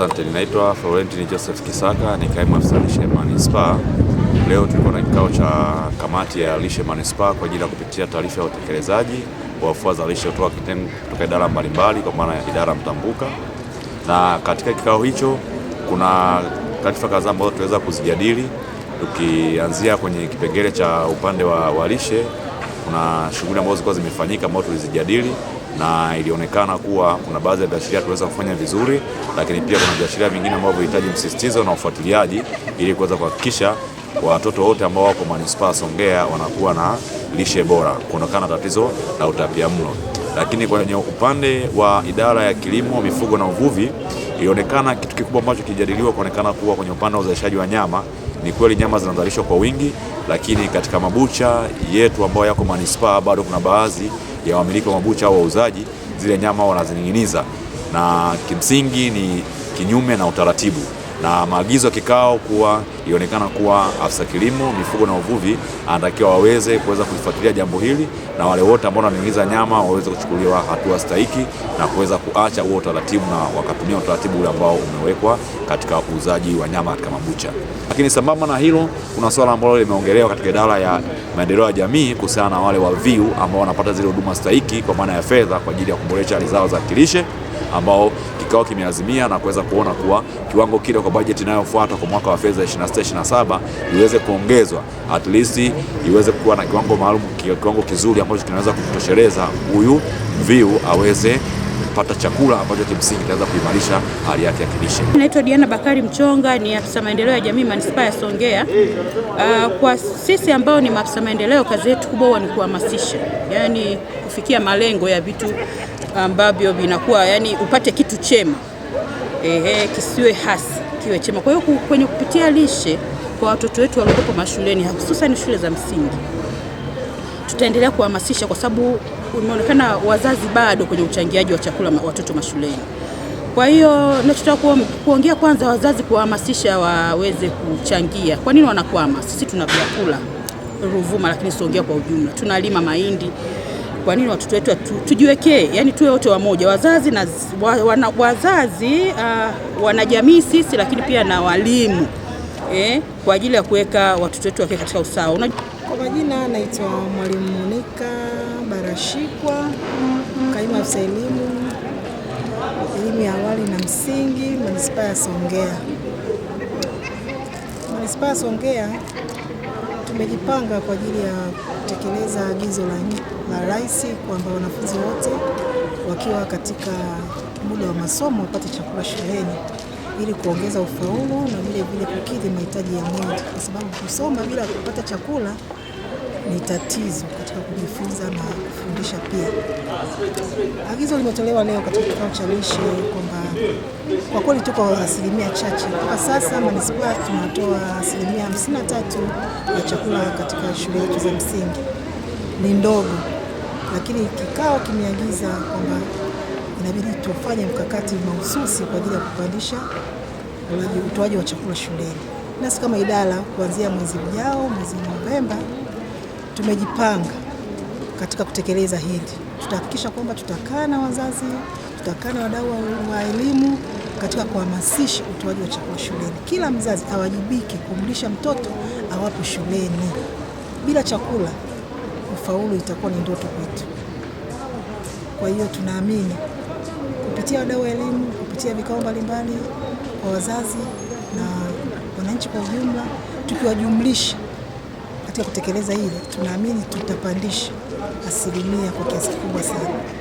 Asante, ninaitwa Florentine Joseph Kisaka ni kaimu afisa lishe manispaa. Leo tulikuwa na kikao cha kamati ya lishe manispaa kwa ajili ya kupitia taarifa ya utekelezaji wa afua za lishe kutoka kitengo kutoka idara mbalimbali kwa maana ya idara mtambuka, na katika kikao hicho kuna taarifa kadhaa ambazo tuweza kuzijadili, tukianzia kwenye kipengele cha upande wa lishe. Kuna shughuli ambazo zilikuwa zimefanyika ambazo tulizijadili na ilionekana kuwa kuna baadhi ya viashiria tuliweza kufanya vizuri, lakini pia kuna viashiria vingine ambavyo vinahitaji msisitizo na ufuatiliaji ili kuweza kuhakikisha watoto wote ambao wako manispaa Songea wanakuwa na lishe bora, kuondokana tatizo la utapiamlo. Lakini kwenye upande wa idara ya kilimo, mifugo na uvuvi, ilionekana kitu kikubwa ambacho kijadiliwa kuonekana kuwa kwenye upande wa uzalishaji wa nyama, ni kweli nyama zinazalishwa kwa wingi, lakini katika mabucha yetu ambayo yako manispaa bado kuna baadhi ya wamiliki wa mabucha au wauzaji zile nyama wanazining'iniza, na kimsingi ni kinyume na utaratibu na maagizo ya kikao kuwa ionekana kuwa afisa kilimo, mifugo na uvuvi anatakiwa waweze kuweza kulifuatilia jambo hili na wale wote ambao wanaingiza nyama waweze kuchukuliwa hatua stahiki na kuweza kuacha huo utaratibu na wakatumia utaratibu ule ambao umewekwa katika uuzaji wa nyama katika mabucha. Lakini sambamba na hilo, kuna swala ambalo limeongelewa katika idara ya maendeleo ya jamii kuhusiana na wale waviu ambao wanapata zile huduma stahiki kwa maana ya fedha kwa ajili ya kuboresha hali zao za kilishe, ambao kikao kimeazimia na kuweza kuona kuwa kiwango kile kwa bajeti inayofuata kwa mwaka wa fedha 26 27 iweze kuongezwa at least iweze kuwa na kiwango maalum, kiwango kizuri ambacho kinaweza kutosheleza huyu mviu aweze pata chakula ambacho kimsingi kitaweza kuimarisha hali yake ya kilishe. Naitwa Diana Bakari Mchonga, ni afisa maendeleo ya jamii manispaa ya Songea. Uh, kwa sisi ambao ni maafisa maendeleo, kazi yetu kubwa huwa ni kuhamasisha, yani kufikia malengo ya vitu ambavyo vinakuwa yani upate kitu chema ehe, kisiwe hasi, kiwe chema. Kwa hiyo kwenye kupitia lishe kwa watoto wetu waliopo mashuleni, hususan shule za msingi, tutaendelea kuhamasisha, kwa sababu umeonekana wazazi bado kwenye uchangiaji wa chakula watoto mashuleni. Kwa hiyo nachotaka kuongea kwanza, wazazi kuwahamasisha waweze kuchangia. Kwa nini wanakwama? Sisi tuna vyakula Ruvuma, lakini siongea kwa ujumla, tunalima mahindi kwa nini watoto wetu tujiwekee, yani tuwe wote wamoja, wazazi na wana, wazazi uh, wanajamii sisi, lakini pia na walimu eh, kwa ajili ya kuweka watoto wetu wake katika usawa. Una... kwa majina naitwa mwalimu Monica Barashikwa, kaimu afisa elimu elimu ya awali na msingi manispaa ya Songea, manispaa ya Songea tumejipanga kwa ajili ya kutekeleza agizo la, la Rais kwamba wanafunzi wote wakiwa katika muda wa masomo wapate chakula shuleni ili kuongeza ufaulu na vile vile kukidhi mahitaji ya mwili, kwa sababu kusoma bila kupata chakula ni tatizo katika kujifunza kuwaelimisha pia. Agizo limetolewa leo katika kikao cha lishe kwamba kwa kweli tuko asilimia chache mpaka sasa. Manispaa tunatoa asilimia hamsini na tatu ya chakula katika shule yetu za msingi, ni ndogo, lakini kikao kimeagiza kwamba inabidi tufanye mkakati mahususi kwa ajili ya kupandisha utoaji wa chakula shuleni. Nasi kama idara kuanzia mwezi ujao, mwezi Novemba, tumejipanga katika kutekeleza hili. Tutahakikisha kwamba tutakaa na wazazi, tutakaa na wadau wa elimu katika kuhamasisha utoaji wa chakula shuleni. Kila mzazi awajibike kumlisha mtoto awapo shuleni. Bila chakula ufaulu itakuwa ni ndoto kwetu. Kwa hiyo tunaamini kupitia wadau wa elimu, kupitia vikao mbalimbali kwa wazazi na wananchi kwa ujumla, tukiwajumlisha katika kutekeleza hili tunaamini tutapandisha asilimia kwa kiasi kikubwa sana.